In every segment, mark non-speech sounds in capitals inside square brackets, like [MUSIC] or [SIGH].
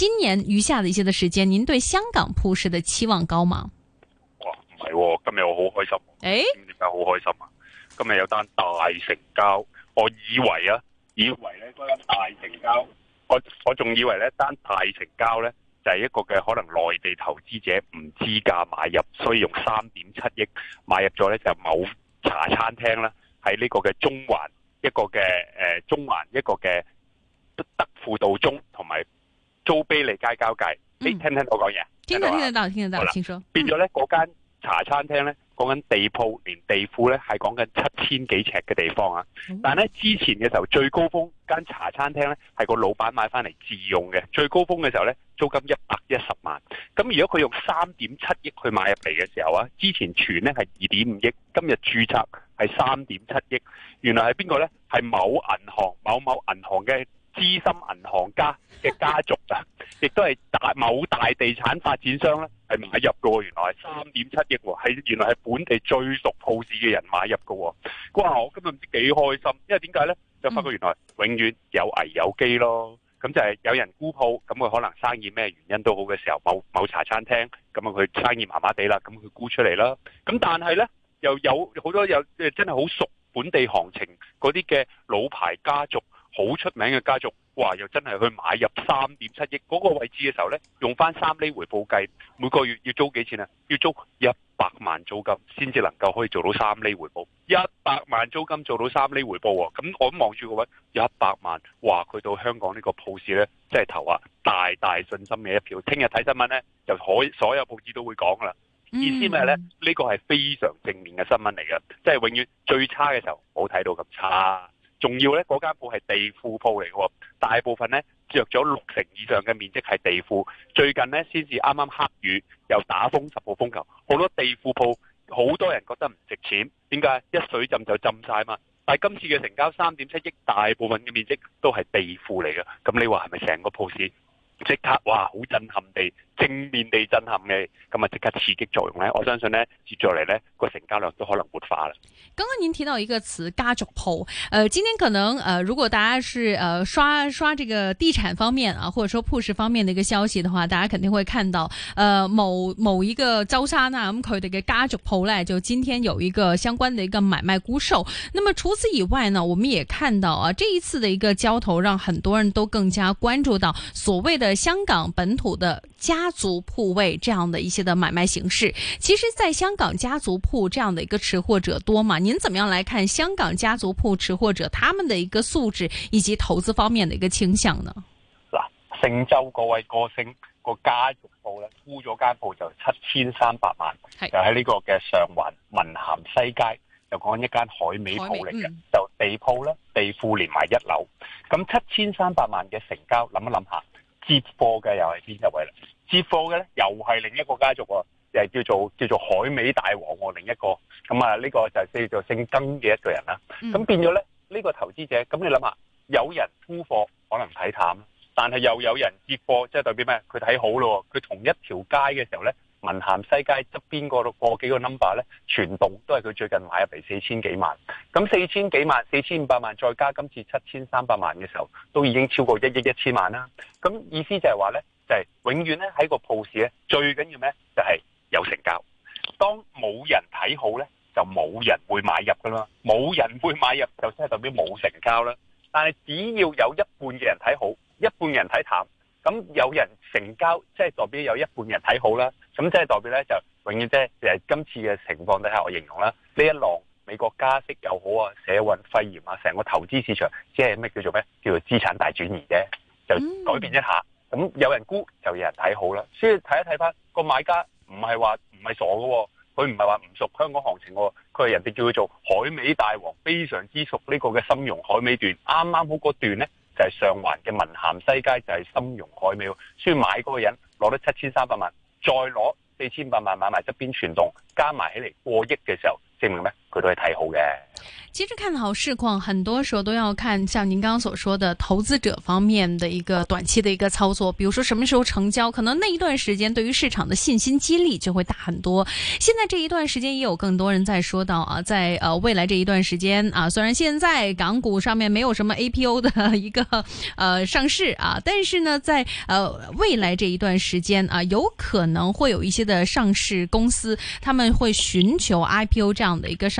今年餘下的一些的時間，您對香港鋪市的期望高嗎？哇，唔係喎，今日我好開心。誒、哎，點解好開心啊？今日有單大成交，我以為啊，以為咧單大成交，我我仲以為呢單大成交呢，就係、是、一個嘅可能內地投資者唔知價買入，所以用三點七億買入咗呢就是、某茶餐廳啦，喺呢個嘅中環一個嘅誒、呃、中環一個嘅德輔道中同埋。租卑利街交界，你聽唔聽到我講嘢？聽得到，聽得到，聽得到。好啦，請說。嗯、變咗咧，嗰間茶餐廳咧，講緊地鋪，連地庫咧係講緊七千幾尺嘅地方啊！嗯、但係咧，之前嘅時候最高峰間茶餐廳咧係個老闆買翻嚟自用嘅，最高峰嘅時候咧，租金一百一十萬。咁如果佢用三點七億去買入嚟嘅時候啊，之前存咧係二點五億，今日注冊係三點七億，原來係邊個咧？係某銀行某某銀行嘅。資深銀行家嘅家族啊，亦都係大某大地產發展商咧，係買入嘅。原來係三點七億喎，係原來係本地最熟鋪市嘅人買入嘅。哇！我今日唔知幾開心，因為點解咧？就發覺原來永遠有危有機咯。咁就係有人沽鋪，咁佢可能生意咩原因都好嘅時候，某某茶餐廳咁啊，佢生意麻麻地啦，咁佢沽出嚟啦。咁但係咧，又有好多有真係好熟本地行情嗰啲嘅老牌家族。好出名嘅家族，哇！又真係去買入三點七億嗰個位置嘅時候咧，用翻三厘回報計，每個月要租幾錢啊？要租一百萬租金先至能夠可以做到三厘回報，一百萬租金做到三厘回報喎啊。咁我望住個位一百萬，話佢到香港呢個鋪市咧，即係投啊大大信心嘅一票。聽日睇新聞咧，就可所有報紙都會講噶啦。意思咩咧？呢個係非常正面嘅新聞嚟嘅，即係永遠最差嘅時候冇睇到咁差。仲要呢嗰間鋪係地庫鋪嚟嘅，大部分呢，着咗六成以上嘅面積係地庫。最近呢，先至啱啱黑雨又打風，十號風球，好多地庫鋪，好多人覺得唔值錢。點解？一水浸就浸晒嘛！但係今次嘅成交三點七億，大部分嘅面積都係地庫嚟嘅。咁你話係咪成個鋪市即刻哇，好震撼地？正面地震撼嘅咁啊，即刻刺激作用咧，我相信咧接住嚟咧個成交量都可能活化啦。剛剛您提到一個詞，家族鋪，誒、呃，今天可能誒、呃，如果大家是誒、呃、刷刷這個地產方面啊，或者說鋪市方面的一個消息的話，大家肯定會看到誒、呃，某某一個招商啊，咁佢哋嘅家族鋪咧，就今天有一個相關的一個買賣沽售。那麼除此以外呢，我們也看到啊，這一次的一個交投，讓很多人都更加關注到所謂的香港本土的。家族鋪位這樣的一些的買賣形式，其實，在香港家族鋪這樣的一個持貨者多嘛？您怎麼樣來看香港家族鋪持貨者他們的一個素質以及投資方面的一個傾向呢？嗱，聖洲嗰位哥姓個家族鋪呢，鋪咗間鋪就七千三百萬，就喺呢個嘅上環文咸西街，就講一間海美鋪嚟嘅，嗯，就地鋪咧，地庫連埋一樓，咁七千三百萬嘅成交，諗一諗下。接貨嘅又係邊一位咧？接貨嘅咧又係另一個家族喎、哦，誒叫做叫做海味大王喎，另一個咁啊，呢個就叫做姓曾嘅一個人啦。咁變咗咧，呢個投資者咁你諗下，有人沽貨可能睇淡，但係又有人接貨，即係代表咩？佢睇好咯，佢同一條街嘅時候咧。雲鹹西街側邊個個幾個 number 咧，全部都係佢最近買入嚟四千幾萬。咁四千幾萬、四千五百萬，再加今次七千三百萬嘅時候，都已經超過一億一千萬啦。咁意思就係話咧，就係、是、永遠咧喺個鋪市咧，最緊要咩就係有成交。當冇人睇好咧，就冇人會買入噶啦。冇人會買入，就即係代表冇成交啦。但係只要有一半嘅人睇好，一半人睇淡，咁有人成交，即、就、係、是、代表有一半人睇好啦。咁即係代表咧，就永遠即係誒今次嘅情況底下，我形容啦，呢一浪美國加息又好啊，社運肺炎啊，成個投資市場即係咩叫做咩叫做資產大轉移啫，就改變一下、嗯。咁有人沽就有人睇好啦。所以睇一睇翻個買家，唔係話唔係傻喎，佢唔係話唔熟香港行情，佢係人哋叫佢做海味大王，非常之熟個容剛剛呢個嘅參茸海味段。啱啱好嗰段咧就係上環嘅文咸西街就係參茸海味，所以買嗰個人攞得七千三百萬。再攞四千八百萬買埋側邊全棟加埋起嚟過億嘅時候，證明咩？佢都係睇好嘅。其實看好市況，很多時候都要看，像您剛剛所說的投資者方面的一個短期的一個操作，比如說什麼時候成交，可能那一段時間對於市場的信心激勵就會大很多。現在這一段時間也有更多人在說到啊，在呃未來這一段時間啊，雖然現在港股上面沒有什麼 APO 的一個呃上市啊，但是呢，在呃未來這一段時間啊，有可能會有一些的上市公司，他們會尋求 IPO 這樣的一個上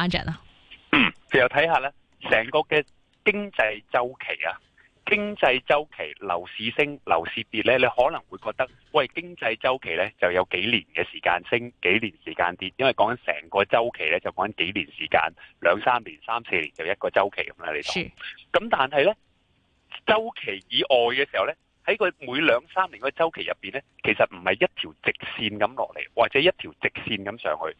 嗯、啊，展啦，就睇下咧，成個嘅經濟周期啊，經濟周期樓市升樓市跌咧，你可能會覺得，喂，經濟周期咧就有幾年嘅時間升，幾年時間跌，因為講緊成個周期咧就講緊幾年時間，兩三年、三四年就一個周期咁啦。你講，咁但係咧，周期以外嘅時候咧。喺佢每兩三年嘅周期入邊咧，其實唔係一條直線咁落嚟，或者一條直線咁上去。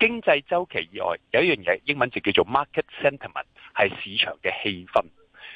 經濟週期以外有一樣嘢，英文字叫做 market sentiment，係市場嘅氣氛。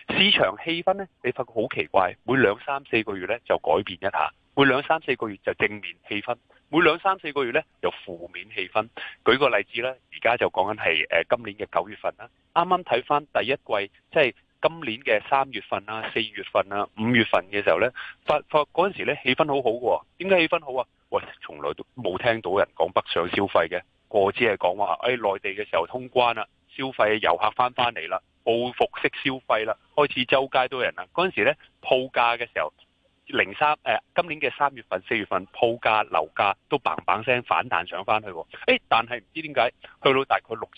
市場氣氛咧，你發覺好奇怪，每兩三四個月咧就改變一下，每兩三四個月就正面氣氛，每兩三四個月咧就負面氣氛。舉個例子啦，而家就講緊係誒今年嘅九月份啦，啱啱睇返第一季，即係。今年嘅三月份啦、啊、四月份啦、啊、五月份嘅時候呢，發發嗰陣時呢氣氛好好嘅、啊，點解氣氛好啊？喂，從來都冇聽到人講北上消費嘅，我只係講話，誒、哎、內地嘅時候通關啦，消費遊客翻返嚟啦，報復式消費啦，開始周街都有人啦。嗰陣時呢，鋪價嘅時候，零三誒、哎、今年嘅三月份、四月份鋪價樓價都砰砰聲反彈上返去的，誒、哎，但係唔知點解去到大概六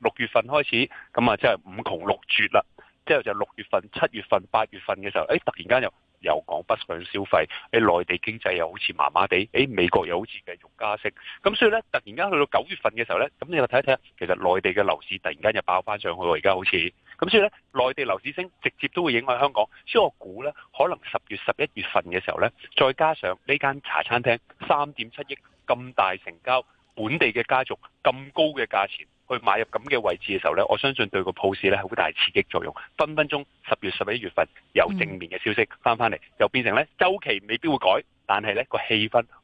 六月份開始，咁啊真係五窮六絕啦。之後就六月份、七月份、八月份嘅時候，誒突然間又又講北上消費，誒內地經濟又好似麻麻地，誒美國又好似繼續加息，咁所以呢，突然間去到九月份嘅時候呢，咁你又睇一睇，其實內地嘅樓市突然間又爆翻上去喎，而家好似，咁所以呢，內地樓市升直接都會影響香港，所以我估呢，可能十月十一月份嘅時候呢，再加上呢間茶餐廳三點七億咁大成交，本地嘅家族咁高嘅價錢。去買入咁嘅位置嘅時候咧，我相信對個鋪市咧好大刺激作用。分分鐘十月十一月份有正面嘅消息翻返嚟，又變成咧周期未必會改，但係咧個氣氛。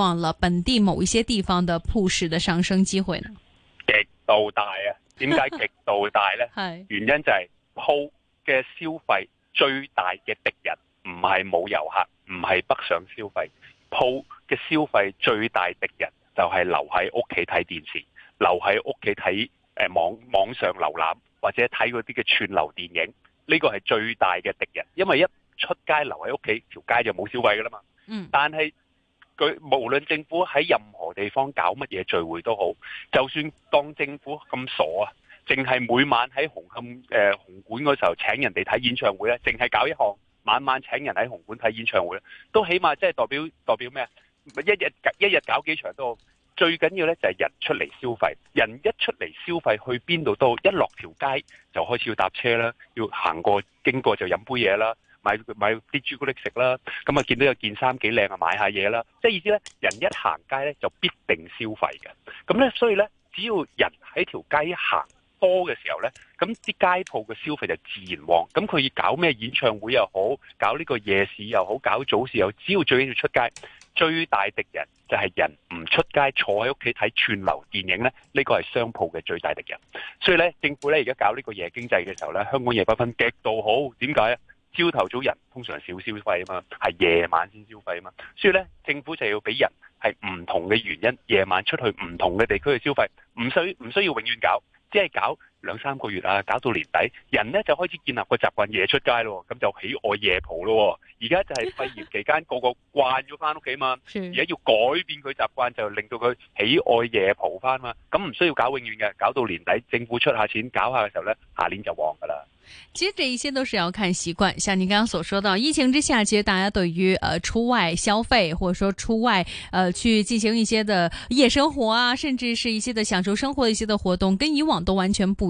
忘了本地某一些地方的鋪市的上升機會呢？極度大啊！點解極度大咧？係 [LAUGHS] 原因就係鋪嘅消費最大嘅敵人唔係冇遊客，唔係北上消費，鋪嘅消費最大敵人就係留喺屋企睇電視，留喺屋企睇誒網網上瀏覽或者睇嗰啲嘅串流電影，呢個係最大嘅敵人，因為一出街留喺屋企條街就冇消費噶啦嘛。嗯，但係。佢無論政府喺任何地方搞乜嘢聚會都好，就算當政府咁傻啊，淨係每晚喺紅磡誒紅館嗰時候請人哋睇演唱會咧，淨係搞一項晚晚請人喺紅館睇演唱會咧，都起碼即係代表代表咩？一日一日搞幾場都好，最緊要呢就係人出嚟消費，人一出嚟消費去邊度都好，一落條街就開始要搭車啦，要行過經過就飲杯嘢啦。買買啲朱古力食啦，咁啊見到有件衫幾靚啊，買下嘢啦。即係意思咧，人一行街咧就必定消費嘅。咁咧，所以咧，只要人喺條街行多嘅時候咧，咁啲街鋪嘅消費就自然旺。咁佢要搞咩演唱會又好，搞呢個夜市又好，搞早市又好，只要最緊要出街。最大敵人就係人唔出街，坐喺屋企睇串流電影咧。呢個係商鋪嘅最大敵人。所以咧，政府咧而家搞呢個夜經濟嘅時候咧，香港夜繽紛極度好。點解啊？朝頭早人通常少消費啊嘛，係夜晚先消費啊嘛，所以咧，政府就要畀人係唔同嘅原因，夜晚出去唔同嘅地區去消費，唔需唔需要永遠搞，只係搞。兩 [MUSIC] 三個月啊，搞到年底，人呢就開始建立個習慣夜出街咯，咁就喜愛夜蒲咯。而家就係肺炎期間， [LAUGHS] 個個慣咗翻屋企嘛，而家要改變佢習慣就令到佢喜愛夜蒲翻嘛，咁唔需要搞永遠嘅，搞到年底政府出下錢搞下嘅時候呢，下年就旺噶啦。其實這一些都是要看習慣，像你剛剛所說到疫情之下，其實大家對於呃出外消費或者說出外呃去進行一些的夜生活啊，甚至是一些的享受生活一些的活動，跟以往都完全不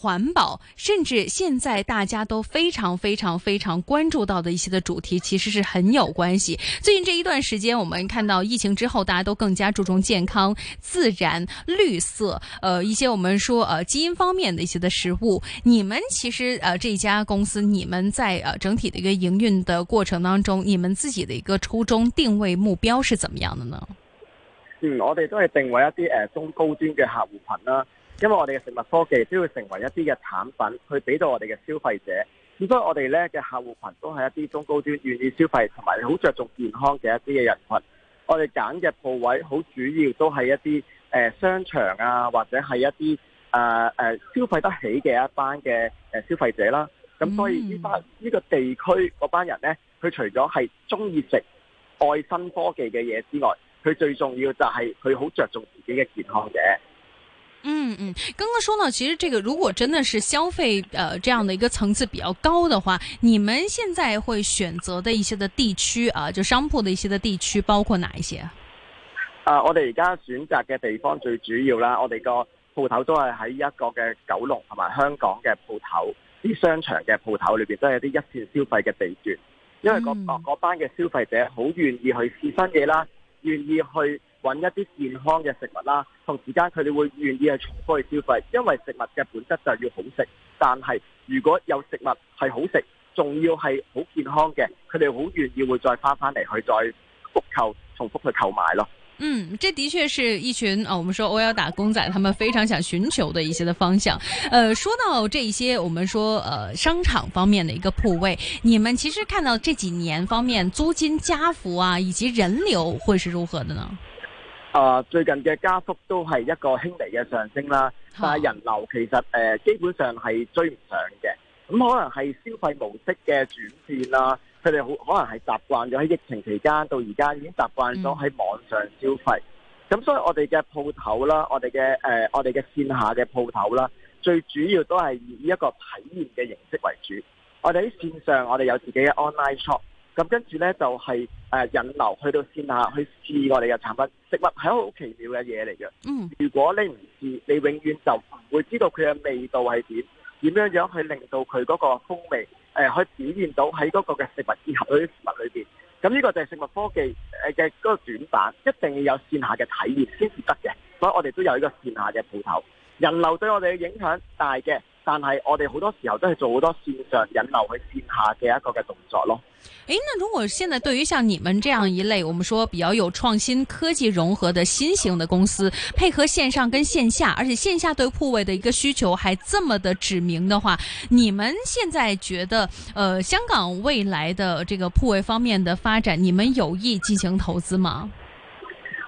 環保，甚至現在大家都非常非常非常關注到的一些的主題，其實是很有關係。最近這一段時間，我們看到疫情之後，大家都更加注重健康、自然、綠色，呃，一些我們說呃基因方面的一些的食物。你們其實呃這一家公司，你們在呃整體的一個營運的過程當中，你們自己的一個初衷定位目標是怎麼樣的呢？嗯，我哋都係定位一啲呃，中高端嘅客戶群啦、啊。因為我哋嘅食物科技都會成為一啲嘅產品，去俾到我哋嘅消費者。咁所以我哋咧嘅客戶群都係一啲中高端、願意消費同埋好着重健康嘅一啲嘅人群。我哋揀嘅鋪位好主要都係一啲誒商場啊，或者係一啲誒誒消費得起嘅一班嘅誒消費者啦。咁所以呢班呢個地區嗰班人咧，佢除咗係中意食愛新科技嘅嘢之外，佢最重要就係佢好着重自己嘅健康嘅。嗯嗯，剛剛說到，其實這個如果真的是消費，呃，這樣的一個層次比較高的話，你們現在會選擇的一些的地區啊，就商鋪的一些的地區，包括哪一些？啊、呃，我哋而家選擇嘅地方最主要啦，我哋個鋪頭都係喺一個嘅九龍同埋香港嘅鋪頭，啲商場嘅鋪頭裏邊都係一啲一綫消費嘅地段，因為嗰嗰、嗯、嗰班嘅消費者好願意去試新嘢啦，願意去。揾一啲健康嘅食物啦，同時間佢哋會願意去重複去消費，因為食物嘅本質就要好食。但係如果有食物係好食，仲要係好健康嘅，佢哋好願意會再翻返嚟去再復購、重複去購買咯。嗯，這的確是一群啊，我們說 OL 打工仔，他們非常想尋求的一些的方向。呃，說到這一些，我們說，呃，商場方面的一個鋪位，你們其實看到這幾年方面租金、加幅啊，以及人流會是如何的呢？啊，最近嘅加幅都係一個輕微嘅上升啦，但係人流其實誒基本上係追唔上嘅，咁可能係消費模式嘅轉變啦，佢哋好可能係習慣咗喺疫情期間到而家已經習慣咗喺網上消費，咁、嗯、所以我哋嘅鋪頭啦，我哋嘅誒我哋嘅線下嘅鋪頭啦，最主要都係以一個體驗嘅形式為主，我哋喺線上我哋有自己嘅 online shop。咁跟住呢，就係誒引流去到線下去試我哋嘅產品，食物係一個好奇妙嘅嘢嚟嘅。嗯，如果你唔試，你永遠就唔會知道佢嘅味道係點，點樣樣去令到佢嗰個風味誒可以表現到喺嗰個嘅食物之後嗰啲食物裏面。咁呢個就係食物科技嘅嗰個短板，一定要有線下嘅體驗先至得嘅。所以我哋都有一個線下嘅鋪頭，人流對我哋嘅影響大嘅。但係我哋好多時候都係做好多線上引流去線下嘅一個嘅動作咯。誒、哎，那如果現在對於像你們這樣一類，我們說比較有創新科技融合的新型的公司，配合線上跟線下，而且線下對鋪位的一個需求還這麼的指明的話，你們現在覺得，呃，香港未來的這個鋪位方面的發展，你們有意進行投資嗎？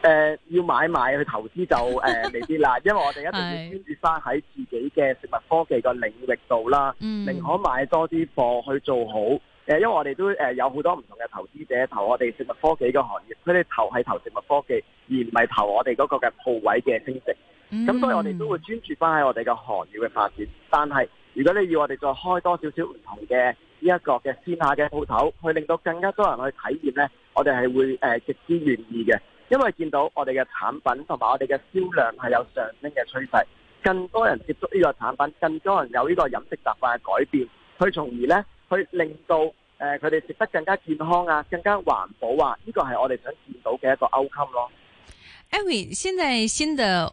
誒、呃，要買賣去投資就誒、呃，未必啦。因為我哋一定要專注翻喺自己嘅食物科技嘅領域度啦，寧、 [LAUGHS] 嗯、可買多啲貨去做好。誒，因為我哋都誒有好多唔同嘅投資者投我哋食物科技嘅行業，佢哋投係投食物科技，而唔係投我哋嗰個嘅鋪位嘅升值。咁、嗯、所以我哋都會專注翻喺我哋嘅行業嘅發展。但係如果你要我哋再開多少少唔同嘅呢一個嘅線下嘅鋪頭，去令到更加多人去體驗呢，我哋係會誒極、呃、之願意嘅。因為見到我哋嘅產品同埋我哋嘅銷量係有上升嘅趨勢，更多人接觸呢個產品，更多人有呢個飲食習慣嘅改變，去從而咧去令到誒佢哋食得更加健康啊，更加環保啊，呢、這個係我哋想見到嘅一個 outcome 咯。現在新的。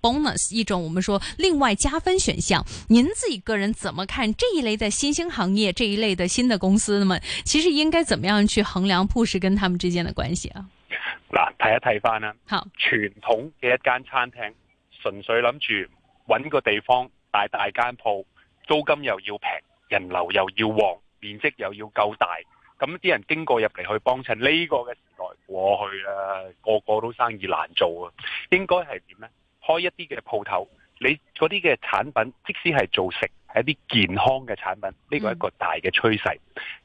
bonus 一種我們說另外加分選項，您自己個人怎麼看這一類在新興行業這一類的新的公司？那麼其實應該怎麼樣去衡量鋪市跟他們之間的關係啊？嗱，睇一睇翻。啦。好，傳統嘅一間餐廳，純粹諗住搵個地方，大大間鋪，租金又要平，人流又要旺，面積又要夠大，咁啲人經過入嚟去幫襯呢個嘅時代過去啦，啊，個個都生意難做啊，應該係點呢？開一啲嘅鋪頭，你嗰啲嘅產品，即使係做食，係一啲健康嘅產品，呢個係一個大嘅趨勢。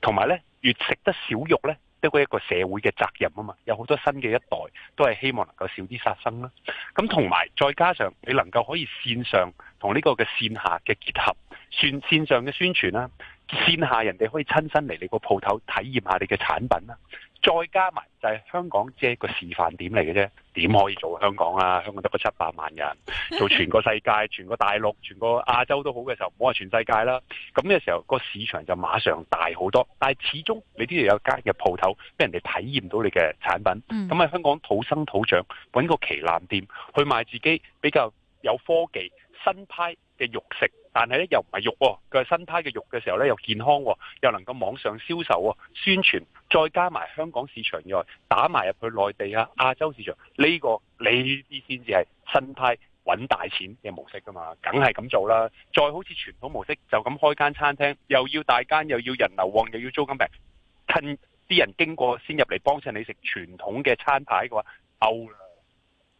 同埋呢，越食得少肉呢，得過一個社會嘅責任啊嘛。有好多新嘅一代都係希望能夠少啲殺生啦。咁同埋再加上你能夠可以線上同呢個嘅線下嘅結合，算線上嘅宣傳啦、啊，線下人哋可以親身嚟你個鋪頭體驗下你嘅產品啦、啊。再加埋就係香港即係個示範點嚟嘅啫，點可以做香港啊？香港得個七百萬人，做全個世界、全個大陸、全個亞洲都好嘅時候，唔好話全世界啦。咁呢個時候，個市場就馬上大好多。但係始終你呢度有間嘅鋪頭，俾人哋體驗到你嘅產品。咁、嗯、喺香港土生土長，揾個旗艦店去賣自己比較有科技新派嘅肉食，但係咧又唔係肉、哦，佢係新派嘅肉嘅時候咧又健康、哦，又能夠網上銷售喎、哦，宣傳，再加埋香港市場外打內打埋入去內地啊亞洲市場呢、呢個你先至係新派揾大錢嘅模式㗎嘛，梗係咁做啦。再好似傳統模式，就咁開間餐廳，又要大間，又要人流旺，又要租金平，趁啲人經過先入嚟幫襯你食傳統嘅餐牌嘅話 out 啦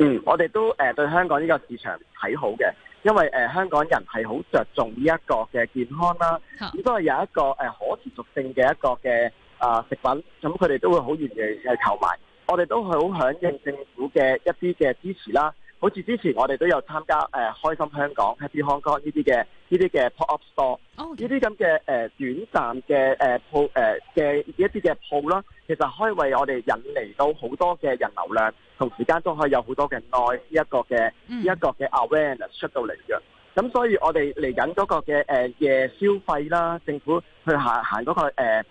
嗯，我哋都誒對香港呢個市場睇好嘅，因為誒香港人係好着重呢一個嘅健康啦，亦都係有一個誒可持續性嘅一個嘅啊食品，咁佢哋都會好願意去購買。我哋都係好響應政府嘅一啲嘅支持啦。好似之前我哋都有參加誒、呃、開心香港 Happy Hong Kong 呢啲嘅呢啲嘅 pop up store，呢啲咁嘅誒短暫嘅誒、呃、鋪誒嘅一啲嘅鋪啦，其實可以為我哋引嚟到好多嘅人流量，同時間都可以有好多嘅內一個嘅一、呢一個嘅 awareness 出到嚟嘅。咁所以我哋嚟緊嗰個嘅誒、呃、夜消費啦，政府去行行嗰、嗰個誒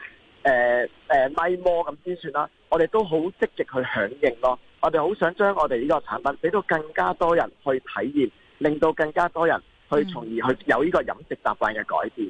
誒誒微摩咁先算啦。我哋都好積極去響應咯。我哋好想將我哋呢個產品俾到更加多人去體驗，令到更加多人去，從而去有呢個飲食習慣嘅改變。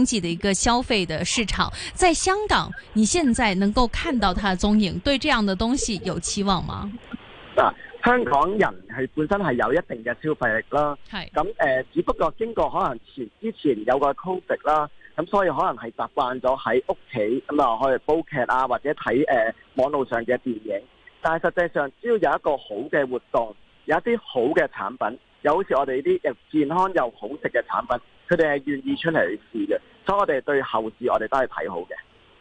經濟的一個消費的市場，在香港，你現在能夠看到它的蹤影，對這樣的東西有期望嗎？香港人係本身係有一定嘅消費力啦，咁誒、呃，只不過經過可能前之前有個 COVID 啦，咁、呃、所以可能係習慣咗喺屋企咁啊去煲劇啊或者睇誒、呃、網路上嘅電影，但係實際上只要有一個好嘅活動，有一啲好嘅產品，有好似我哋呢啲誒健康又好食嘅產品。佢哋係願意出嚟去試嘅，所以我哋對後市我哋都係睇好嘅。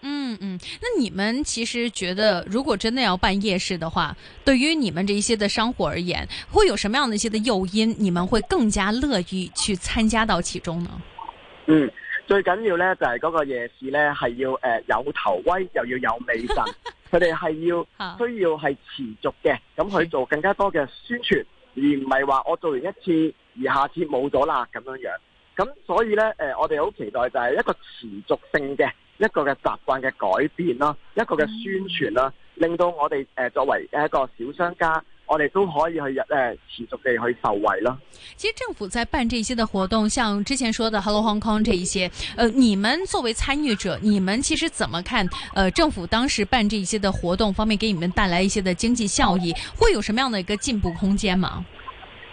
嗯嗯，那你們其實覺得，如果真的要辦夜市的話，對於你們這一些的商戶而言，會有什麼樣的一些的誘因，你們會更加樂意去參加到其中呢？嗯，最緊要呢就係嗰個夜市呢係要誒有頭威，又要有尾陣。佢哋係要需要係持續嘅，咁去做更加多嘅宣傳，而唔係話我做完一次，而下次冇咗啦咁樣樣。咁所以咧，誒、呃，我哋好期待就係一個持續性嘅一個嘅習慣嘅改變咯，一個嘅宣傳啦，令到我哋誒、呃、作為一個小商家，我哋都可以去日誒、呃、持續地去受惠咯。其實政府在辦這些的活動，像之前說的 Hello Hong Kong 這一些，誒、呃，你們作為參與者，你們其實怎麼看？誒、呃，政府當時辦這一些的活動方面，給你們帶來一些的經濟效益，會有什麼樣的一個進步空間嘛？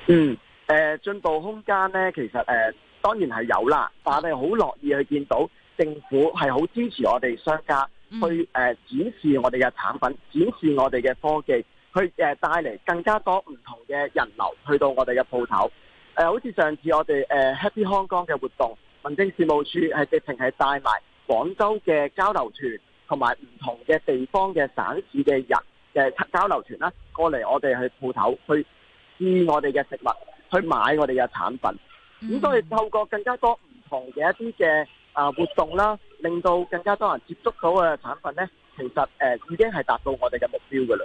嗯，誒、呃，進步空間呢，其實誒。呃當然係有啦，但係好樂意去見到政府係好支持我哋商家去誒展示我哋嘅產品，展示我哋嘅科技，去誒帶嚟更加多唔同嘅人流去到我哋嘅鋪頭。誒，好似上次我哋誒 Happy Hong Kong 嘅活動，民政事務處係直情係帶埋廣州嘅交流團同埋唔同嘅地方嘅省市嘅人嘅交流團啦，過嚟我哋去鋪頭去試我哋嘅食物，去買我哋嘅產品。咁所以透過更加多唔同嘅一啲嘅啊活動啦，令到更加多人接觸到嘅產品咧，其實誒已經係達到我哋嘅目標㗎喇。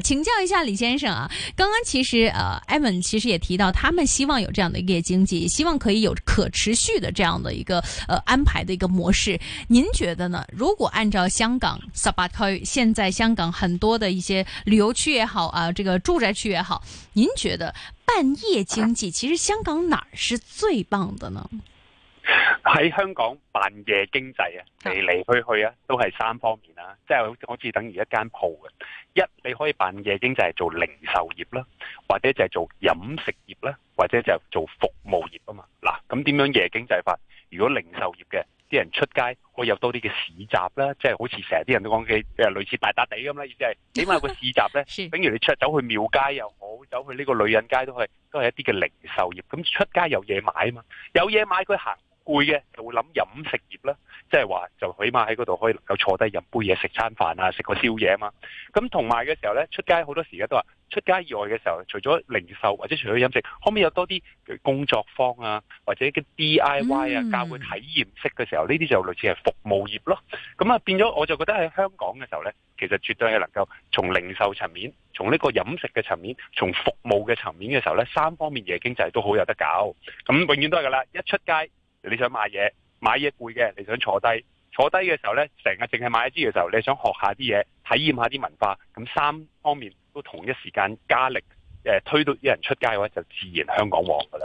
請教一下李先生啊，剛剛其實呃，Evan 其實也提到，他們希望有這樣的一個經濟，希望可以有可持續的這樣的一個呃安排的一個模式。您覺得呢？如果按照香港十八區，現在香港很多的一些旅遊區也好啊，這個住宅區也好，您覺得半夜經濟，其實香港哪是最棒的呢？喺香港半夜經濟啊，嚟嚟去去啊，都係三方面啊，即係好似等於一間鋪一你可以辦夜經濟就係做零售業啦，或者就係做飲食業啦，或者就係做服務業啊嘛。嗱，咁點樣夜經濟法？如果零售業嘅啲人出街，可以有多啲嘅市集啦，即係好似成日啲人都講嘅，誒類似大笪地咁啦，意思係起碼有個市集咧？等 [LAUGHS] 如你出走去廟街又好，走去呢個女人街都係都係一啲嘅零售業，咁出街有嘢買啊嘛，有嘢買佢行。攰嘅就會諗飲食業啦，即係話就起碼喺嗰度可以能夠坐低飲杯嘢、食餐飯啊、食個宵夜啊嘛。咁同埋嘅時候呢，出街好多時間都話出街以外嘅時候，除咗零售或者除咗飲食，可唔可以有多啲工作坊啊，或者啲 DIY 啊、教佢體驗式嘅時候，呢啲就類似係服務業咯。咁啊變咗我就覺得喺香港嘅時候呢，其實絕對係能夠從零售層面、從呢個飲食嘅層面、從服務嘅層面嘅時候呢，三方面嘅經濟都好有得搞。咁永遠都係噶啦，一出街。你想買嘢，買嘢攰嘅；你想坐低，坐低嘅時候呢，成日淨係買一啲嘅時候，你想學一下啲嘢，體驗下啲文化，咁三方面都同一時間加力，誒、呃，推到啲人出街嘅話，就自然香港旺噶啦。